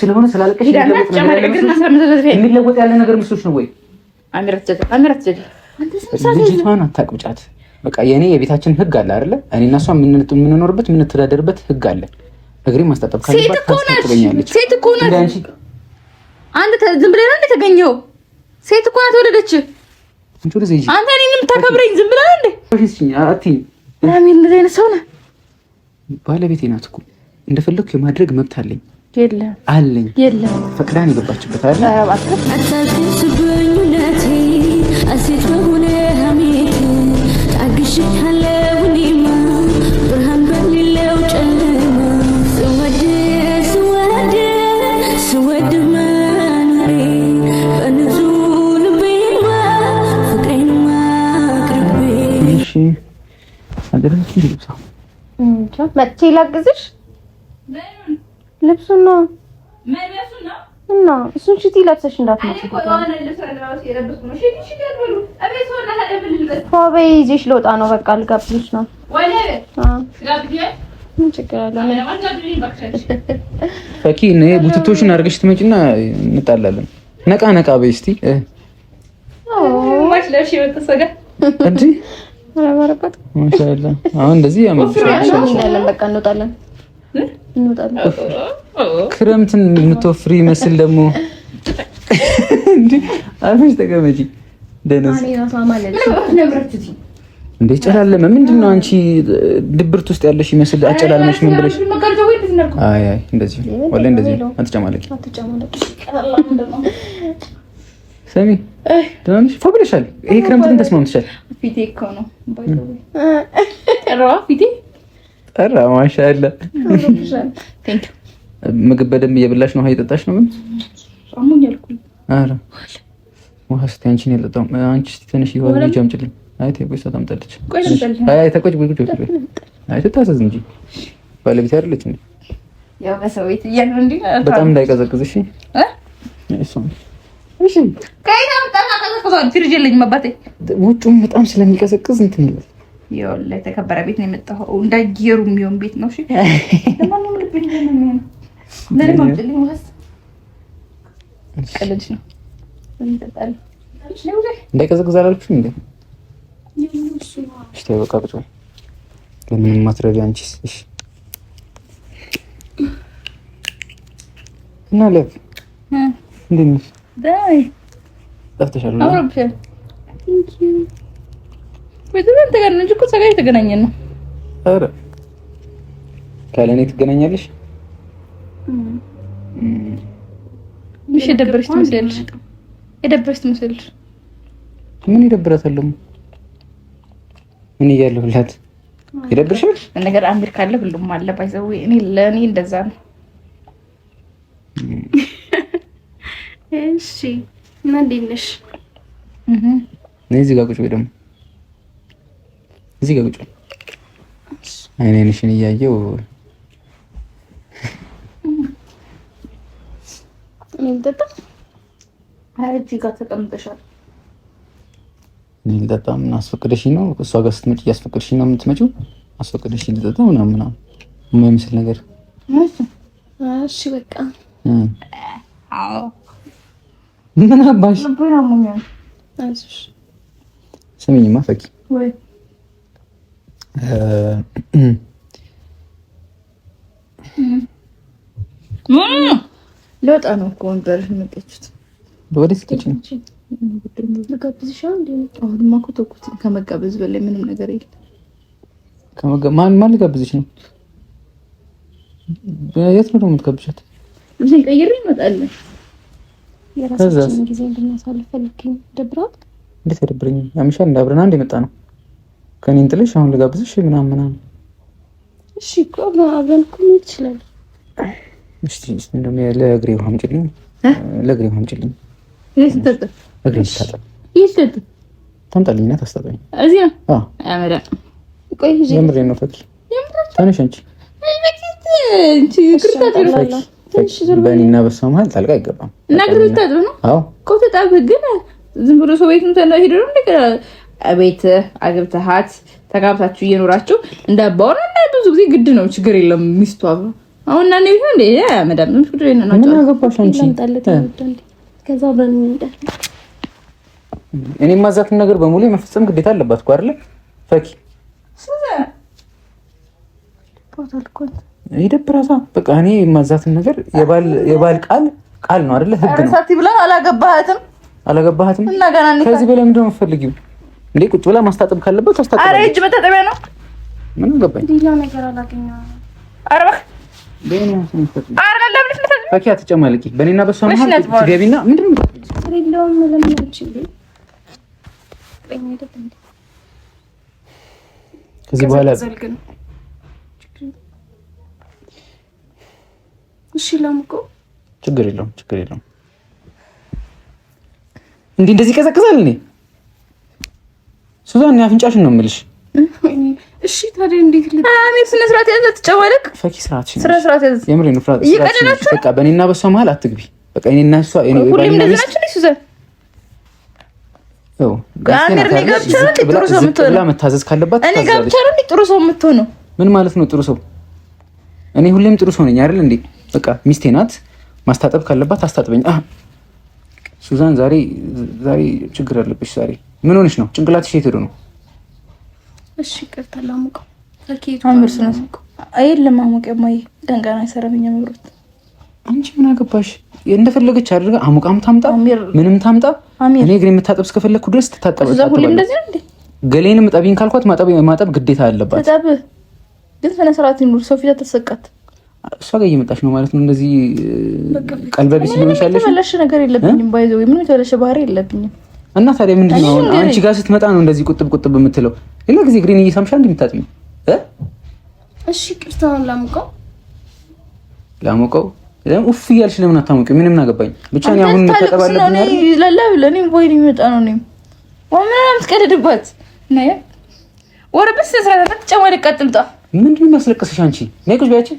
ስለሆነ ስላለቀሽ የሚለወጥ ያለ ነገር ምስሎች ነው ወይ ልጅቷን አታቅብጫት። በቃ የእኔ የቤታችን ህግ አለ አይደለ? እኔ እና እሷ የምንኖርበት የምንተዳደርበት ህግ አለ። እግሬ ማስታጠብ ካለባት ሴት እኮ ሴት እኮ ናት። ወለደች አንተ እኔን ዝም ብለህ እንዴ? እንደዚህ አይነት ሰው ነህ። ባለቤቴ ናት እኮ የማድረግ መብት አለኝ አለኝ። ፈቅዳን የገባችበት መቼ ላግዝሽ? ልብሱን ነው እና እሱን ሽቲ ለብሰሽ እንዳትመጪ። በይ ይዤሽ ልወጣ ነው። በቃ ልጋብዝሽ ነው። ምን ችግር አለው? ፈኪ ቡትቶሽን አድርገሽ ትመጪና እንጣላለን። ነቃ ነቃ በይ እስኪ አላባረባት እንወጣለን ክረምትን የምትወፍሪ ይመስል ደግሞ ተቀመጪ። እንደ ጨላለመ ምንድን ነው አንቺ ድብርት ውስጥ ያለሽ ይመስል አጨላለመሽ። ምን ብለሽ? እንደዚህ ወላሂ እንደዚህ አትጨማለቂ ሰሚ ደህና ነሽ? ፎ ይሄ ክረምት ግን ተስማምተሻል። ፊቴ እኮ ነው ጠራዋ። ፊቴ ጠራ። ማሻአላ ምግብ በደንብ እየበላሽ ነው? ውሃ እየጠጣሽ ነው? ምን ኧረ ውሃ እስኪ አንቺን ያልጠጣሁም። አንቺ እስኪ ትንሽ ይሆን ልጅ አምጪልኝ። አይ ተቆይ፣ ቆይ እሷ ታምጣለች። አይ ተቆጭ ጉጭ ጉጭ። አይ ትታዘዝ እንጂ ባለቤት አይደለች እንዴ? ያው በሰው ቤት እያለ እንዴ በጣም እንዳይቀዘቅዝ እሺ። እሷ እሺ በጣም ፍሪጅ የለኝም አባቴ። በጣም ስለሚቀዘቅዝ እንትን ይላል። ይኸውልህ የተከበረ ቤት ነው የመጣው እንዳየሩ የሚሆን ቤት ነው። እሺ ለማንም ልብኝ ነው ምንም አምጪልኝ። ነው እንዳይቀዘቅዝ አላልኩሽም እንዴ? እሺ በቃ ቁጭ በይ። ለምንም ማትረቢ አንቺስ? እሺ እና ለብ እንዴት ነሽ? ጠፍተሻል። የተገናኘን ነው። ኧረ ካለ ትገናኛለሽ። ምሽ የደበረሽ ትመስላለሽ። የደበረሽ ትመስላለሽ። ምን ይደብራታል? ምን እያለሁላት ይደብርሻል? ነገር አሚር ካለ ሁሉም አለ። ባይዘዌ እኔ ለእኔ እንደዛ ነው። እሺ እና እንዴት ነሽ? እዚህ ጋር ቁጭ ወይ ደግሞ እዚህ ጋር ቁጭ አይኔ አይንሽን እያየው ልጠጣ ምን አስፈቅደሽኝ ነው? እሷ ጋር ስትመጪ እያስፈቅደሽኝ ነው የምትመጪው? አስፈቅደሽኝ ልጠጣ ምናምን ምናምን የማይመስል ነገር እሺ በቃ አዎ ምን አባሽ ስሚኝማ ፈኪ ለወጣ ነው እኮ ወንበር የመጣችሁት። ከመጋበዝ በላይ ምንም ነገር የለም። ማን ልጋብዝሽ ነው? የት ነው የምትጋብዣት? ልብሴን ቀይሬ እመጣለሁ። የራሳችንን ጊዜ እንድናሳልፍ ፈልግኝ። ደብረዋል? እንዴት አይደብረኝም? ያምሻል። አብረን አንድ የመጣ ነው ከኔ ጥለሽ አሁን ልጋብዝሽ ምናምን ምናምን። እሺ እኮ አብረን እኮ ይችላል። ለእግሬ ውሃ አምጪልኝ፣ ለእግሬ ውሃ አምጪልኝ። ታምጣልኝና ታስታጠኝ። እዚህ ነው ነው ፈኪ። ተነሽ አንቺ በእኔና በሷ መሀል ጣልቃ አይገባም። ልታጥብ ነው? አዎ ግን ዝም ብሎ ሰው ቤት ሄደ ቤት አግብተሃት ተጋብታችሁ እየኖራችሁ እንደ አባወራ ብዙ ጊዜ ግድ ነው፣ ችግር የለም ሚስቷ አሁን እና ነው እንደ መዳም አገባሽ አንቺ ከዛ ብለን እኔ ማዛትን ነገር በሙሉ የመፈጸም ግዴታ አለባት እኮ አይደለ ፈኪ ይደብራሳ በቃ እኔ የማዛትን ነገር የባል ቃል ቃል ነው አይደለ? ህግ ነው። ሳቲ ብላ አላገባህትም አላገባህትም። ከዚህ በላይ ምንድን ነው የምትፈልጊው? እንዴ ቁጭ ብላ ማስታጠብ ካለበት ታስታጠብ። አረ እጅ መታጠቢያ ነው። ምን ገባኝ። ሌላ ነገር አላገኘሁም። አረ እባክህ ፈኪያ አትጨማለቂ። በእኔና በሷ መሀል ትገቢና ምንድን ነው ከዚህ በኋላ እሺ ለምቆ ችግር የለውም ችግር የለውም። እንዲህ እንደዚህ ይቀዘቅዛል። እኔ ሱዛን እኔ አፍንጫሽን ነው የምልሽ። እሺ ታዲያ እንዴት ልብ አሜ ስነ ስርዓት ያዘ ትጫወለቅ ፈኪ ስርዓት ሽን ስነ ስርዓት ያዘ የምሬ ነው። ፍራት ይቀደናችሁ በቃ በእኔና በሷ መሀል አትግቢ። በቃ እኔና እሷ እኔ ሁሌም እንደዚህ ናችሁ ነው ሱዛን መታዘዝ ካለባት እኔ ጋር ብቻ ነው ጥሩ ሰው የምትሆነው። ምን ማለት ነው ጥሩ ሰው? እኔ ሁሌም ጥሩ ሰው ነኝ አይደል እንዴ? በቃ ሚስቴ ናት። ማስታጠብ ካለባት አስታጥበኝ። ሱዛን ዛሬ ዛሬ ችግር አለብሽ። ዛሬ ምን ሆነሽ ነው? ጭንቅላትሽ የት ሄዶ ነው? እሺ ቅርታ ላሙቀ አምር ላሙቀው የለም አሞቂያ ማየ ደንጋና የሰራተኛ መብራት አንቺ ምን አገባሽ? እንደፈለገች አድርገ አሙቃም ታምጣ ምንም ታምጣ፣ እኔ ግን የምታጠብ እስከፈለግኩ ድረስ ትታጠባለች። ገሌንም እጠቢኝ ካልኳት ማጠብ ግዴታ አለባት። ግን ስነስርዓት ይኑር። ሰው ፊት ተሰቃት እሷ ጋር እየመጣች ነው ማለት ነው። እንደዚህ ቀልበቢስ ሊሆንሻለሽ የተበላሸ ነገር የለብኝም፣ ባይዘ ወይ ምንም የተበላሸ ባህሪ የለብኝም። እና ታዲያ ምንድን ነው አንቺ ጋር ስትመጣ ነው እንደዚህ ቁጥብ ቁጥብ የምትለው? ሌላ ጊዜ ግሪን እየሳምሻ እንደምታጥሚ እሺ፣ ቅርታ ላሙቀው ላሙቀው ኡፍ እያልሽ ለምን አታሞቂ? ምንም አገባኝ ብቻ ነው። አሁን ተቀባለብኝ አይደል ወይ የሚመጣ ነው ነው ወምና ምትቀደድበት ወረብስ ስራ ተጨማሪ ቀጥልጣ ምንድን ነው የሚያስለቅስሽ አንቺ ነይ ቁጭ በያችን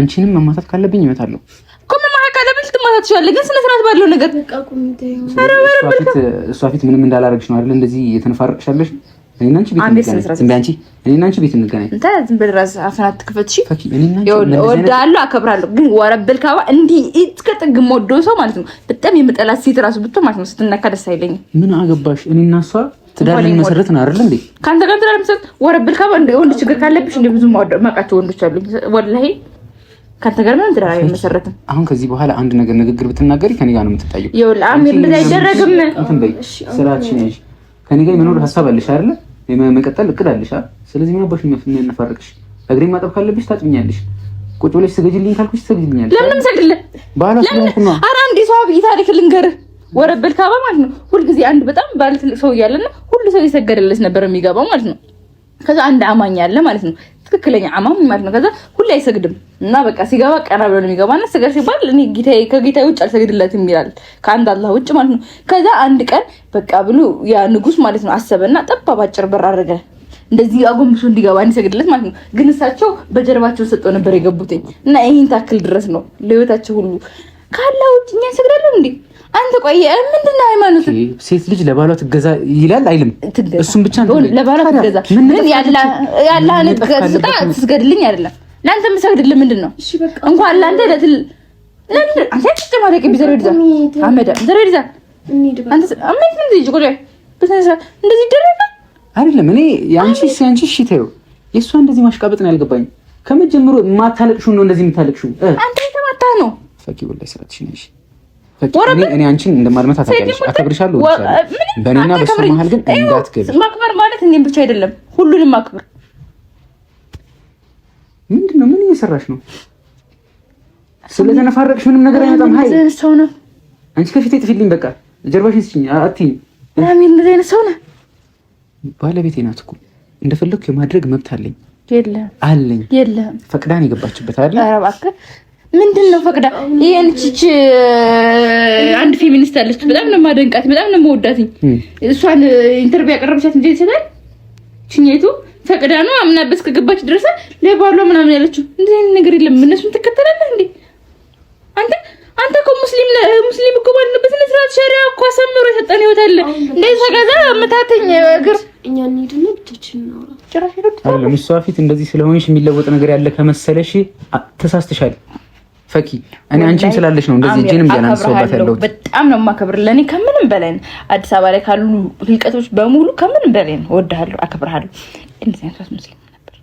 አንቺንም መማታት ካለብኝ እመታለሁ እኮ። መማታት ካለብኝ ትችላለህ፣ ግን ስነ ስርዓት ባለው ነገር። እሷ ፊት ምንም እንዳላረግሽ ነው አይደል? እንደዚህ የተነፋረቅሻለሽ። እኔና አንቺ ቤት እንገናኝ። እኔና አንቺ ቤት እንገናኝ። ዝም ብለህ ራስህ አፍን አትክፈት። እወድሃለሁ፣ አከብራለሁ፣ ግን ወረብል ካባ እንዲህ እስከ ጥግ የምወደው ሰው ማለት ነው። በጣም የምጠላት ሴት ብትሆን ማለት ነው ስትነካ ደስ አይለኝም። ምን አገባሽ? እኔና እሷ ትዳር መሰረት ነው አይደል እንዴ? ከአንተ ጋር ትዳር መሰረት ወረብል ካባ። ወንድ ችግር ካለብሽ ብዙ ማውቃቸው ወንዶች አሉ ወላሄ ከአንተ ጋር ምንም ትዳር አይመሰረትም። አሁን ከዚህ በኋላ አንድ ነገር ንግግር ብትናገሪ ከኔ ጋር ነው የምትታየው። ይኸውልህ አሚር እንደዚህ አይደረግም። እንትን በይ ስራችን ነሽ። ከኔ ጋር የመኖር ሀሳብ አለሽ አይደለ? የመቀጠል እቅድ አለሽ ስለዚህ ምን አባሽ የሚያነፋርቅሽ? እግሬን ማጠብ ካለብሽ ታጥብኛለሽ። ቁጭ ብለሽ ስገጅልኝ ካልኩሽ ትሰግጅልኛለሽ። ለምንም ሰግድልህ ባህላ ስለሆንኩ ኧረ አንዴ ሰው አብይ ታሪክ ልንገርህ ወረበል ካባ ማለት ነው። ሁልጊዜ አንድ በጣም ባለ ትልቅ ሰው እያለና ሁሉ ሰው የሰገደለት ነበር የሚገባው ማለት ነው። ከዛ አንድ አማኝ አለ ማለት ነው። ትክክለኛ አማሙ ማለት ነው። ከዛ ሁሌ አይሰግድም እና በቃ ሲገባ ቀና ብሎ ነው የሚገባ እና ስገድ ሲባል እኔ ጌታዬ ከጌታዬ ውጭ አልሰግድለትም ይላል ከአንድ አላህ ውጭ ማለት ነው። ከዛ አንድ ቀን በቃ ብሎ ያ ንጉስ ማለት ነው አሰበና ጠባብ አጭር በር አድርገ እንደዚህ አጎንብሶ እንዲገባ እንዲሰግድለት ማለት ነው። ግን እሳቸው በጀርባቸው ሰጠው ነበር የገቡትኝ እና ይህን ታክል ድረስ ነው ለህይወታቸው ሁሉ ካላ ውጭ እኛ እንሰግዳለን እንዴ? አንተ ቆይ ምንድን ነው ሃይማኖት? ሴት ልጅ ለባሏ ትገዛ ይላል አይልም? እሱም ብቻ ነው ለባሏ ትገዛ ምን ያላህን ስጣ ትስገድልኝ አይደለም ለአንተ የምሰግድልህ ምንድን ነው? እንኳን ለአንተ ለትል ለምን አንተ ተጨማሪ ቅቢ ዘር ይዛ አመዳ ዘር ይዛ አንተ አመት ምን ልጅ ቆይ በተነሳ እንደዚህ ይደረጋል አይደለም። እኔ ያንቺ ሲያንቺ እሺ ተይው። የእሷ እንደዚህ ማሽቃበጥ ነው ያልገባኝ። ከመጀመሩ ማታለቅሹ ነው እንደዚህ የምታለቅሹ አንተ የተማታ ነው ፈቂ ወላይ ስራትሽ ነሽ እኔ አንቺን እንደማልመታ አከብርሻለሁ። በእኔና በሱ መሀል ግን እንዳትገቢ። ማክበር ማለት እኔም ብቻ አይደለም፣ ሁሉንም ማክበር። ምንድን ነው? ምን እየሰራሽ ነው? ስለተነፋረቅሽ ምንም ነገር አይመጣም። ሀይ ሰው ነው። አንቺ ከፊቴ ጥፊልኝ፣ በቃ ጀርባሽን ስጭኝ። አትይኝ። እንደዚህ አይነት ሰው ነህ። ባለቤቴ ናት እኮ እንደፈለግኩ የማድረግ መብት አለኝ። የለም አለኝ። የለም ፈቅዳን የገባችበት አለ ምንድን ነው ፈቅዳ ይሄን ቺች አንድ ፌሚኒስት አለች። በጣም ነው ማደንቃት፣ በጣም ነው መወዳትኝ። እሷን ኢንተርቪው ያቀረበቻት እንዴት ይችላል ችኛይቱ ፈቅዳ ነው አምናበት ከገባች ድረስ ለባሏ ምናምን ያለችው እንዴ አይነት ነገር የለም። እነሱን ትከተላለህ እንዴ አንተ? አንተ እኮ ሙስሊም ነህ። ሙስሊም እኮ ማለት በስነ ስርዓት ሸሪያ እኮ አሰምሮ የሰጠን ህይወት አለ። እንደዛ ከዛ መታተኝ እግር እኛ እንሂድና ብቻችን ነው ጭራሽ ሄዶ አይደለም እሷ ፊት እንደዚህ ስለሆንሽ የሚለወጥ ነገር ያለ ከመሰለሽ ተሳስተሻል። ፈኪ እኔ አንቺን ስላለሽ ነው እንደዚህ እጄንም ያላነሳሁበት ያለሁት። በጣም ነው የማከብር። ለእኔ ከምንም በላይ አዲስ አበባ ላይ ካሉ ህልቀቶች በሙሉ ከምንም በላይ ነው። እወድሃለሁ፣ አከብርሃለሁ። እንደዚህ አይነት አትመስለኝም ነበር።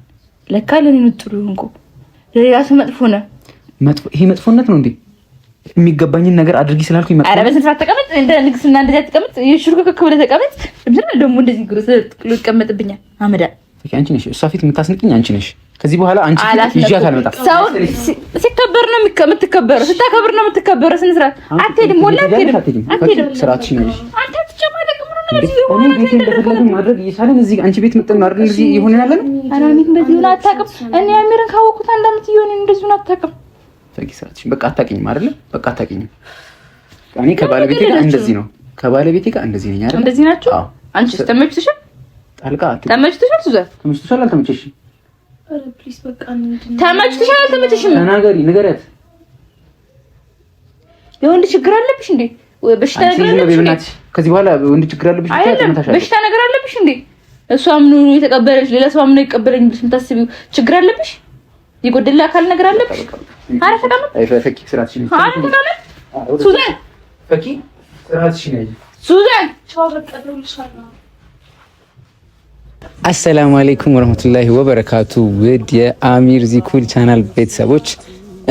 ለካ ለእኔ ጥሩ ሆንኩ፣ ለሌላ ሰው መጥፎ ነህ። ይሄ መጥፎነት ነው እንዴ? የሚገባኝን ነገር አድርጊ ስላልኩ ይመጣል። አረ በስንት ሰዓት ተቀመጥ፣ እንደ ንግስና እንደዚህ ተቀመጥ፣ የሹርክክ ብለህ ተቀመጥ። ደግሞ እንደዚህ ግሮ ይቀመጥብኛል። አመዳ አንቺ ነሽ። እሷ ፊት የምታስንቅኝ አንቺ ነሽ። ከዚህ በኋላ አንቺ ይዣት አልመጣም። ሰው ሲከበር ነው የምትከበረው፣ ስታከብር ነው የምትከበረው። ስነ ስርዓት አትሄድም፣ ወላ አትሄድም፣ ምን ነው እዚህ ማድረግ እዚህ አንቺ ቤት መጥተን ማድረግ እዚህ እኔ አሚርን ካወቅኩት አንድ አመት ይሆን እንደዚህ አታውቅም። ታቂ ስራችን በቃ አታውቂኝም አይደለ? በቃ አታውቂኝም። እኔ ከባለቤቴ ጋር እንደዚህ ነው፣ ከባለቤቴ ጋር እንደዚህ ነኝ አይደል? እንደዚህ ናችሁ። አንቺ ተመችቶሻል? ጣልቃ ተመችቶሻል? ተመችቶሻል? አልተመቸሽም ተመችቶሻል አልተመችሽም? ተናገሪ፣ ንገሪያት። የወንድ ችግር አለብሽ እንዴ? በሽታ ነገር አለብሽ? ከዚህ በኋላ ወንድ ችግር አለብሽ? በሽታ ነገር አለብሽ እንዴ? እሷ ምኑ የተቀበለች ሌላ ሰው ምኑ ይቀበለኝ ብለሽ የምታስቢው ችግር አለብሽ? የጎደለ አካል ነገር አለብሽ? ኧረ ተቀመጥ። ሱዛን ሱዛን አሰላሙ አሌይኩም ወረህመቱላሂ ወበረካቱ። ውድ የአሚር ዚኩል ቻናል ቤተሰቦች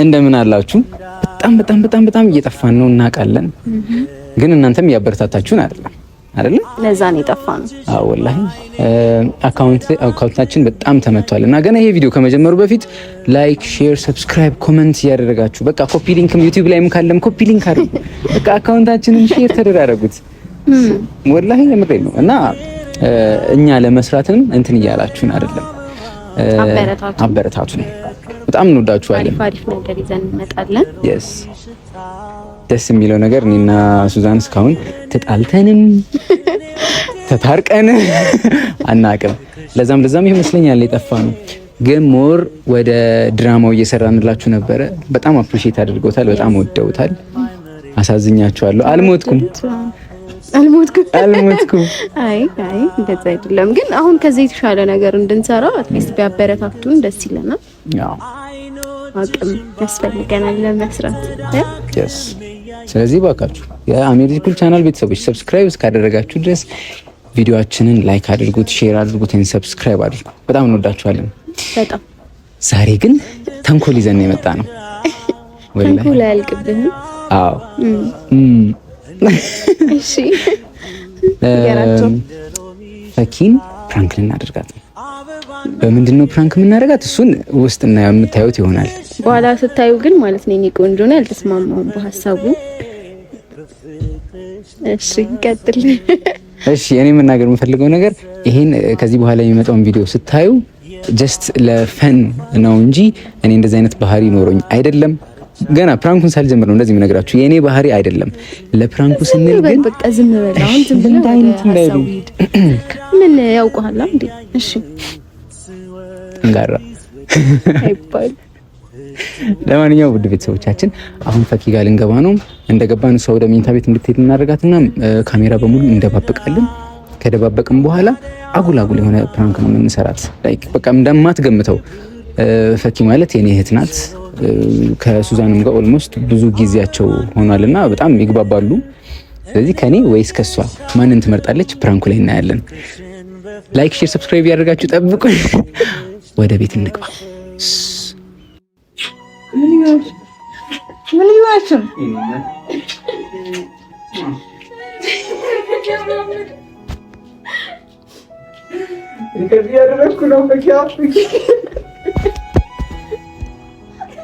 እንደምን አላችሁ? በጣም በጣም በጣም በጣም እየጠፋን ነው እናውቃለን፣ ግን እናንተም እያበረታታችሁን አይደለም አይደለም። ለዛ ነው የጠፋነው። አዎ ወላሂ አካውንት አካውንታችን በጣም ተመቷል እና ገና ይሄ ቪዲዮ ከመጀመሩ በፊት ላይክ፣ ሼር፣ ሰብስክራይብ፣ ኮመንት እያደረጋችሁ በቃ ኮፒ ሊንክም ዩቲዩብ ላይም ካለም ኮፒ ሊንክ አድርጉ። በቃ አካውንታችንን ሼር ተደራረጉት። ወላሂ የምሬ ነው እና እኛ ለመስራትም እንትን እያላችሁን አይደለም፣ አበረታቱ በጣም እንወዳችኋለን። አሪፍ ነገር ይዘን እንመጣለን። ደስ የሚለው ነገር እኔና ሱዛን እስካሁን ተጣልተንም ተታርቀን አናቅም። ለዛም ለዛም ይመስለኛል የጠፋ ነው ግን ሞር ወደ ድራማው እየሰራንላችሁ ነበረ። በጣም አፕሪሼት አድርገውታል። በጣም ወደውታል። አሳዝኛችኋለሁ። አልሞትኩም። አልሞትኩም አልሞትኩም። አይ አይ እንደዛ አይደለም ግን አሁን ከዚህ የተሻለ ነገር እንድንሰራ አትሊስት ቢያበረታቱን ደስ ይለናል። ያው አቅም ያስፈልገናል ለመስራት። ስለዚህ ባካችሁ የአሜሪኩል ቻናል ቤተሰቦች ሰብስክራይብ እስካደረጋችሁ ድረስ ቪዲዮአችንን ላይክ አድርጉት፣ ሼር አድርጉት፣ ሰብስክራይብ አድርጉ። በጣም እንወዳችኋለን። በጣም ዛሬ ግን ተንኮል ይዘን የመጣ ነው። ተንኮል አያልቅብህም። አዎ እሺ ፈኪን ፕራንክ ልናደርጋት ነው። በምንድን ነው ፕራንክ የምናደርጋት? እሱን ውስጥ እና የምታዩት ይሆናል። በኋላ ስታዩ ግን ማለት ነው የኔ ቆንጆ ነው ያልተስማማው በሀሳቡ። እሺ ቀጥል። እሺ እኔ መናገር የምፈልገው ነገር ይሄን ከዚህ በኋላ የሚመጣውን ቪዲዮ ስታዩ ጀስት ለፈን ነው እንጂ እኔ እንደዚህ አይነት ባህሪ ኖሮኝ አይደለም። ገና ፕራንኩን ሳልጀምር ነው እንደዚህ የምነግራችሁ። የእኔ ባህሪ አይደለም። ለፕራንኩ ስንል ግን በቃ ዝም በል። አሁን ዝም ብለህ ምን ያውቀዋል እንዴ? እሺ እንጋራ አይባል። ለማንኛውም ውድ ቤተሰቦቻችን አሁን ፈኪ ጋር ልንገባ ነው። እንደገባን እሷ ወደ መኝታ ቤት እንድትሄድ እናደርጋትና ካሜራ በሙሉ እንደባበቃለን። ከደባበቅም በኋላ አጉል አጉል የሆነ ፕራንክ ነው የምንሰራት። ላይክ በቃ እንደማትገምተው ፈኪ ማለት የኔ እህት ናት። ከሱዛንም ጋር ኦልሞስት ብዙ ጊዜያቸው ሆኗል እና በጣም ይግባባሉ። ስለዚህ ከኔ ወይስ ከሷ ማንን ትመርጣለች? ፕራንኩ ላይ እናያለን። ላይክ፣ ሼር፣ ሰብስክራይብ ያደርጋችሁ ጠብቁ። ወደ ቤት እንግባ። ምን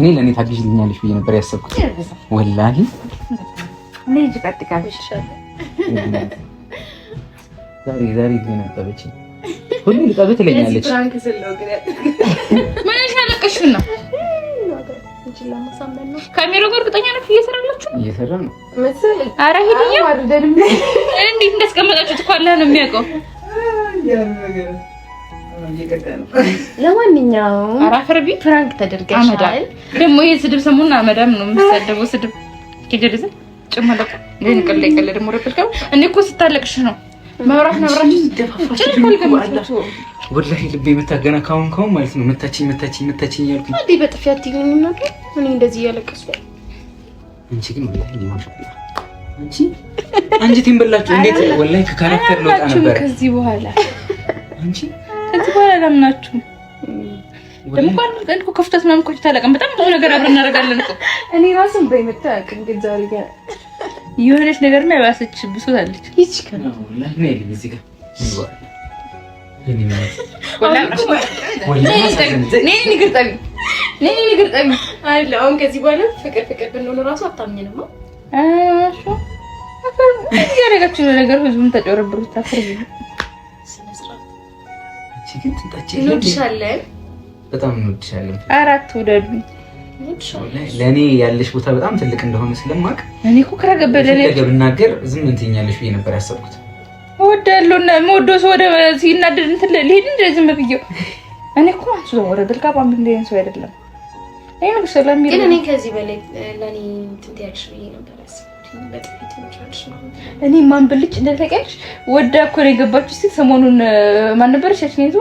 እኔ ለእኔ ታግዥልኛለሽ ብዬ ነበር ያሰብኩት። ወላሂ ዛሬ ዛሬ ግን ነጠበች። ሁሉ ልጠብ ትለኛለች። ምን ያለቀሽና ካሜራ ጋር እርግጠኛ ነሽ? እየሰራላችሁ እየሰራ ነው። ኧረ ሂድዬ እንዴት እንዳስቀመጣችሁት እኮ አላህ ነው የሚያውቀው። ለማንኛውም አራፈር ቢ ፍራንክ ተደርገሻል። ደግሞ ይሄ ስድብ ሰሙና አመዳም ነው የምትሰደበው። ስድብ ኬጀሪዝም ጭመለቁ ግን ቀለ ቀለ ደግሞ ረበልከው። እኔ እኮ ስታለቅሽ ነው መብራት መብራት ልቤ የምታገና ካሁን ካሁን ማለት ነው መታችኝ መታችኝ መታችኝ እያልኩኝ እንዴ እኔ እንደዚህ እያለቀሱ አንቺ ግን ወላሂ ይማሻአላ አንቺ አንቺ እንዴት ወላሂ ከካራክተር ነበር ከዚህ በኋላ አንቺ ከዚህ በኋላ ለምናችሁ ደግሞ እንኳን ክፍተት ምናምን እኮ አታለቅም። በጣም ብዙ ነገር አብረን እናደርጋለን እኮ እኔ ራሱ በይመታቅም ግን ዛሬ ጋር የሆነች ነገር ላይ ባሰች ብሶታለች። አለች። ይቺ ከዚህ በኋላ ፍቅር ፍቅር ብንሆን ራሱ አታምኝንማ። እያደረጋችሁ ነገር ህዝቡም ተጨረብሩት ታፍር በጣም እንወድሻለን። አራት ውደዱኝ። ለእኔ ያለሽ ቦታ በጣም ትልቅ እንደሆነ ስለማቅ እኔ እኮ ግራ ገባኝ። ለሌላ ብናገር ዝም እንትኛለሽ ብዬ ነበር ያሰብኩት። እወዳለሁና የምወደው ሰው ወደ ሲናደድ እንትን ልሄድ እንደ ዝም ብዬ እኔ እኮ አንሱ ወደ ድልቃባ ምንድን ሰው አይደለም። እኔ ነው ስለሚል ግን እኔ ከዚህ በላይ ለእኔ ትንትያለሽ ብዬ ነበር ያሰብኩት በጥቂት ትንጫለሽ ነው እኔ ማን ብልጭ እንደተቀያሽ ወደ እኮ ነው የገባችሁ ሲል ሰሞኑን ማን ነበረች ያቺኛይቱ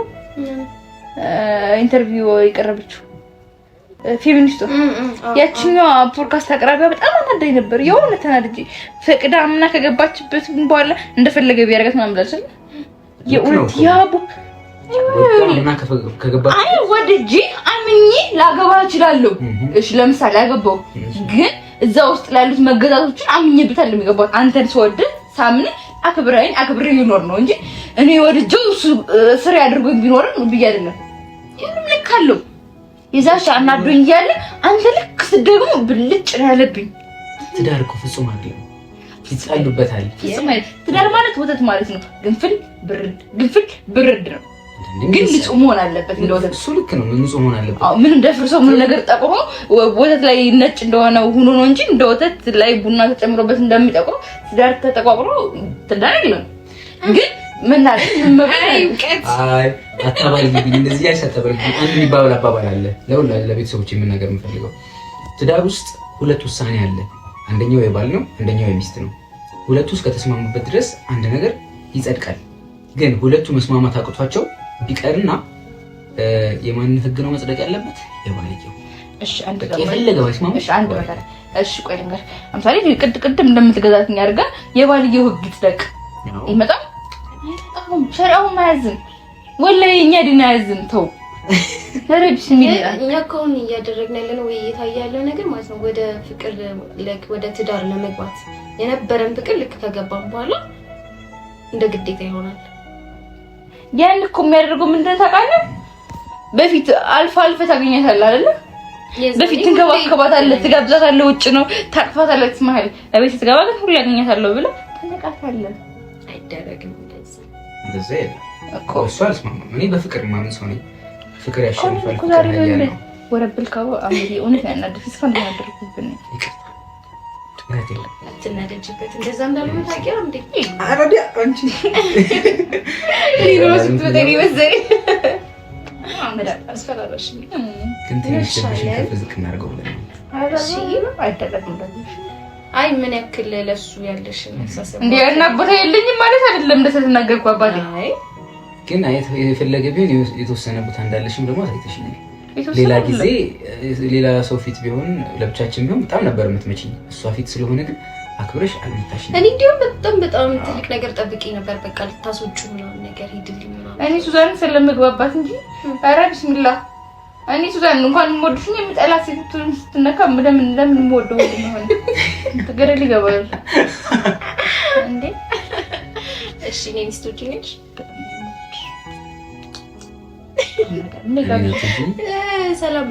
ኢንተርቪው የቀረበችው ፌሚኒስቱ ያቺኛዋ ፖድካስት አቅራቢያ በጣም አናዳኝ ነበር። የሆነ ተናድጄ ፈቅዳ ምና ከገባችበት በኋላ እንደፈለገ ቢያደርጋት ምናምን ብላለች። የእውነት ያቡ አይ ወድጄ አምኜ ላገባ እችላለሁ። እሺ ለምሳሌ አገባው ግን እዛ ውስጥ ላሉት መገዛቶችን አምኜበታል። የሚገባው አንተን ስወድ ሳምን አክብረኝ አክብሬ ይኖር ነው እንጂ እኔ ወድጀው ስራ ያድርጎኝ ቢኖርም ብዬ አይደለም። ይሄንም ልክ አለው። የዛሽ አናዶኝ እያለ አንተ ልክ ስትደግሞ ብልጭ ነው ያለብኝ። ትዳር እኮ ፍጹም አይደለም፣ ይጣሉበታል። ፍጹም ትዳር ማለት ወተት ማለት ነው። ግንፍል ብርድ፣ ግንፍል ብርድ ነው። ግን ንጹህ መሆን አለበት። እንደ ወተት እሱ ልክ ነው። ንጹህ መሆን አለበት። አዎ ምንም ደፍር ሰው ምንም ነገር ጠቁሞ ወተት ላይ ነጭ እንደሆነ ሁኖ ነው እንጂ እንደ ወተት ላይ ቡና ተጨምሮበት እንደሚጠቁሩ ትዳር ተጠቋቁሮ ትዳር አይደለም። ግን መናደድ መብቀት አይ አታባልግብኝ፣ እንደዚህ ያልሽ አታባልግብኝ። አንድ የሚባባል አባባል አለ። ለሁላ ለቤተሰቦች የምናገር የምፈልገው ትዳር ውስጥ ሁለት ውሳኔ አለ። አንደኛው የባል ነው፣ አንደኛው የሚስት ነው። ሁለቱ እስከተስማሙበት ድረስ አንድ ነገር ይጸድቃል። ግን ሁለቱ መስማማት አቅቷቸው ቢቀርና የማንን ህግ ነው መጽደቅ ያለበት? የባለጌው። እሺ አንድ የፈለገ ባይስማማሽ አንድ ነገር እሺ፣ ቆይ ልንገር። ለምሳሌ ቅድ ቅድም እንደምትገዛት አድርጋ የባልየው ህግ ይጽደቅ ይመጣል። ሸሪዓው ማያዝም ወላ እኛ ዲን አያዝም። ተው ረብሽ እኛ እኮ አሁን ያለ ነው ወይ እየታየ ያለው ነገር ማለት ነው ወደ ፍቅር ለክ ወደ ትዳር ለመግባት የነበረን ፍቅር ልክ ከገባን በኋላ እንደ ግዴታ ይሆናል። ያን እኮ የሚያደርገው ምንድን ታውቃለህ? በፊት አልፋ አልፈ ታገኛታለህ አይደለ? በፊት ትንከባከባታለህ፣ ትጋብዛታለህ፣ ውጭ ነው ታቅፋታለህ፣ ትስማል እቤት ስትገባ ግን ሁሉ ያገኛታለሁ ብለህ ታነቃታለህ። አይደረግም እንደዚህ እኮ በፍቅር ማምን ፍቅር ያሸንፋል። ወረብልከው መብላት የለም። ትናደጅበት እንደዛ አይ ምን ያክል ለሱ ያለሽ መሳሰብ እንዴ? እና ቦታ የለኝም ማለት አይደለም። እንደተናገርኩ አባቴ ግን የፈለገ ቢሆን የተወሰነ ቦታ እንዳለሽም ደግሞ አሳይተሽኛል። ሌላ ጊዜ ሌላ ሰው ፊት ቢሆን ለብቻችን ቢሆን በጣም ነበር የምትመችኝ። እሷ ፊት ስለሆነ ግን አክብረሽ አልመታሽ። እኔ እንዲሁም በጣም በጣም ትልቅ ነገር ጠብቄ ነበር። በቃ ልታስወጪ ምናምን ነገር ሄድልኝ። እኔ ሱዛንን ስለምግባባት እንጂ ኧረ ቢስሚላ እኔ ሱዛን እንኳን የምወድሽ የምጠላ የምጠላት ስትነካ ለምን ለምን የምወደው ሆነ ገደል ሊገባል እንዴ? እሺ እኔ ሚስቶች ነች ሰላም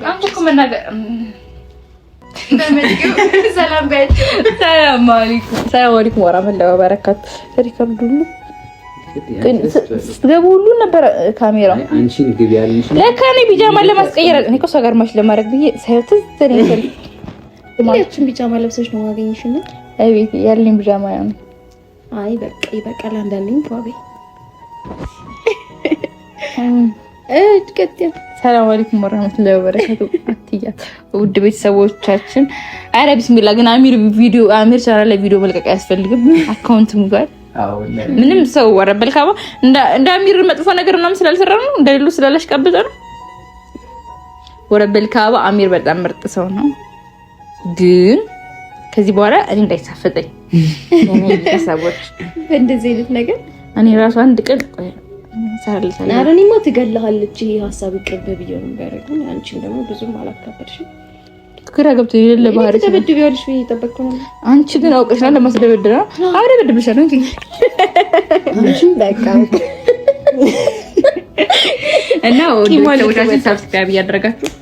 አለይኩም ወራህመቱላሂ ወበረካቱ። ሪከርድ ስትገቡ ሁሉ ነበረ ካሜራ። ለካ እኔ ቢጃማ ለማስቀየር እኔ እኮ እሷ ጋር ማች ለማድረግ ብዬ ቢጃማ ለብሰሽ ነው የማገኘሽ። አቤት ያለኝ ቢጃማ ያው አይ በቃ ይበቃል። አንዳንዴ እድገትም ሰላም አለይኩም ወራህመቱላሂ ወበረካቱ። አትያ ውድ ቤተሰቦቻችን፣ አረ ቢስሚላ ግን አሚር ቪዲዮ አሚር ቻናል ላይ ቪዲዮ መልቀቅ አያስፈልግም። አካውንት ሙጋል ምንም ሰው ወረ በልካባ እንደ አሚር መጥፎ ነገር ምናምን ስላልሰራ ነው እንደሌሉ ስላላሽቀበጠ ነው። ወረ በልካባ አሚር በጣም ምርጥ ሰው ነው። ግን ከዚህ በኋላ እኔ እንዳይሳፈጠኝ ቤተሰቦች በእንደዚህ አይነት ነገር እኔ ራሱ አንድ ቀን ሰራልታለሁ ትገልሃለች። ይሄ ሀሳብ ቅርብ ብዬ ነው ግን አንቺን ደግሞ ብዙም አላካበድሽም። ግራ ገብቶ የሌለ ባህሪ ብዬ ጠበቅኩ ነው። አንቺ ግን እንጂ አንቺም በቃ እና ሰብስክራይብ እያደረጋችሁ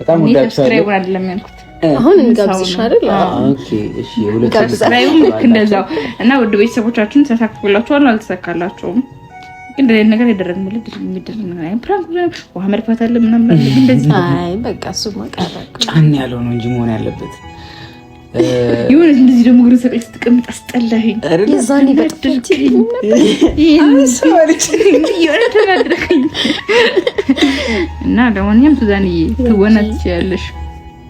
በጣም ሰብስክራይብ አይደለም ያልኩት አሁን እንጋብዝሽ አይደል? ልክ እንደዛው እና ውድ ቤተሰቦቻችን ተሳክቶላችኋል? አልተሳካላችሁም? እንደዚህ ነገር የደረግምልህ የሚደረግ ነገር ውሃ መድፋት አለ ምናምን እንደዚህ። አይ በቃ ጫን ያለው ነው እንጂ መሆን ያለበት የሆነ እንደዚህ ደግሞ እግር ሰቅል ስትቀምጥ አስጠላኸኝ። እና ለማንኛውም ሱዛንዬ ትወና ትችያለሽ።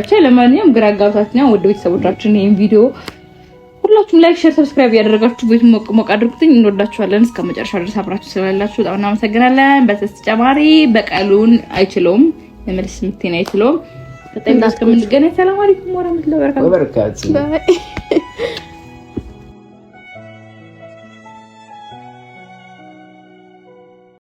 ብቻ ለማንኛውም ግራ አጋብታችሁኛል። ወደ ቤተሰቦቻችን ይሄን ቪዲዮ ሁላችሁም ላይክ፣ ሼር፣ ሰብስክራይብ ያደረጋችሁ ቤት ሞቅ ሞቅ አድርጉትኝ። እንወዳችኋለን። እስከ መጨረሻ ድረስ አብራችሁ ስላላችሁ በጣም እናመሰግናለን። በተጨማሪ በቀሉን አይችለውም የመልስ ምቴን አይችለውም። ቀጣይ እስከምንገናኝ ሰላም አለይኩም ወራህመቱላሂ ወበረካቱ።